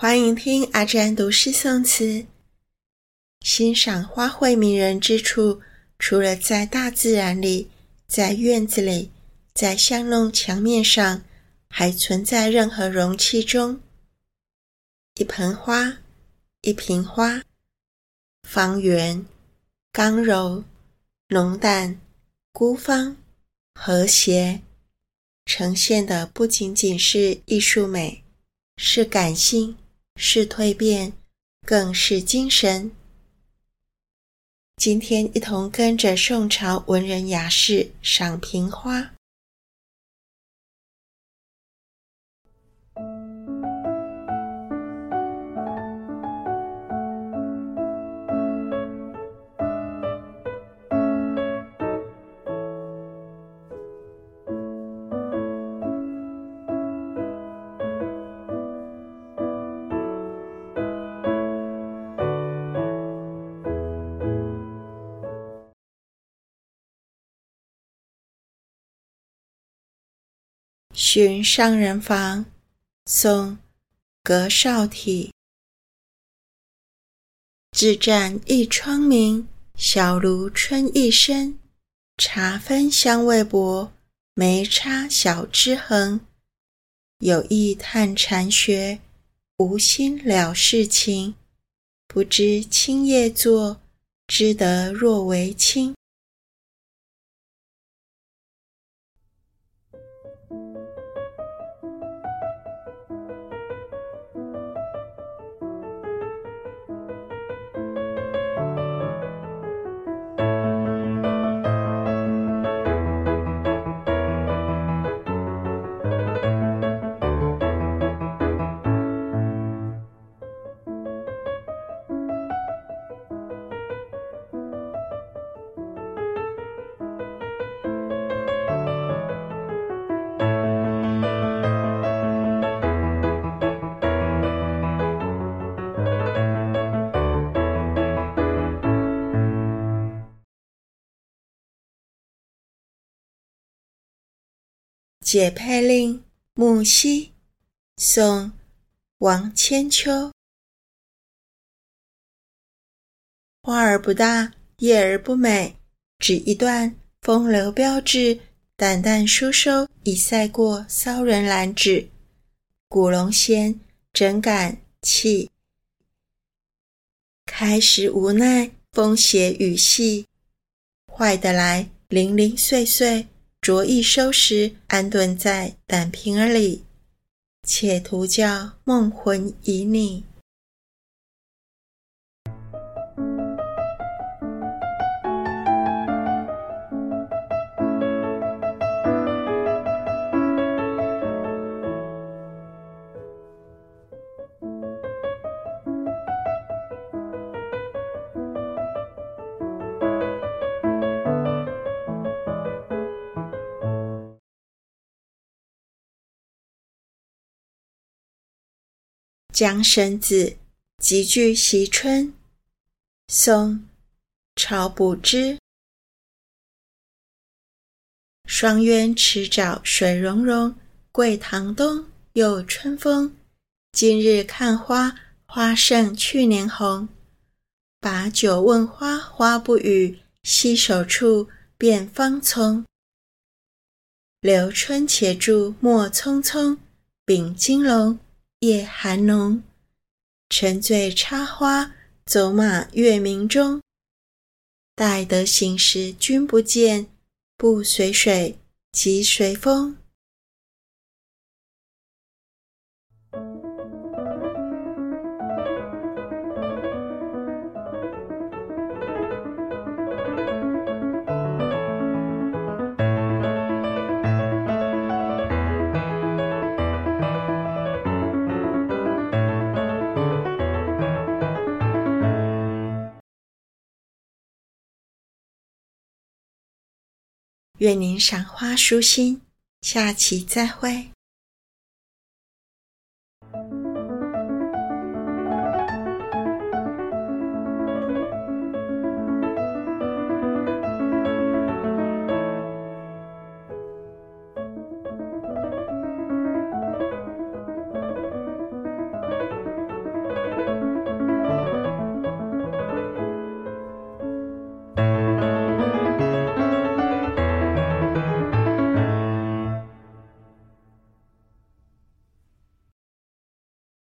歡迎聽阿詹讀詩誦詞。欣賞花卉迷人之處，除了在大自然裡、在院子裡、在巷弄牆面上，還存在任何容器中：一盆花、一瓶花，方圓、剛柔、濃淡、孤芳、和諧，呈現的不僅僅是藝術美，是感性。是蛻變，更是精神。今天，一同跟着宋朝文人雅士賞瓶花。洵上人房，宋·葛紹體。自占一窗明，小爐春意生。茶分香味薄，梅插小枝橫。有意探禪學，無心了世情。不知清夜坐，知得若為清。解佩令，木犀，宋，王千秋。花兒不大，葉兒不美，只一段風流標緻，淡淡梳收，已賽過騷人蘭芷。古龍涎，怎敢氣。開時無奈，風斜雨細，壞得來零零碎碎。着意收拾，安頓在膽瓶兒裡，且圖教夢魂旖旎。江神子，集句惜春，宋，晁補之。雙鴛池沼水融融，桂堂東又春風。今日看花，花勝去年紅。把酒問花，花不語。攜手處，遍芳叢。留春且住墨蔥蔥，莫匆匆。秉金籠。夜寒濃，沉醉插花，走馬月明中。待得醒時，君不見，不隨水，即隨風。願您賞花舒心，下期再會。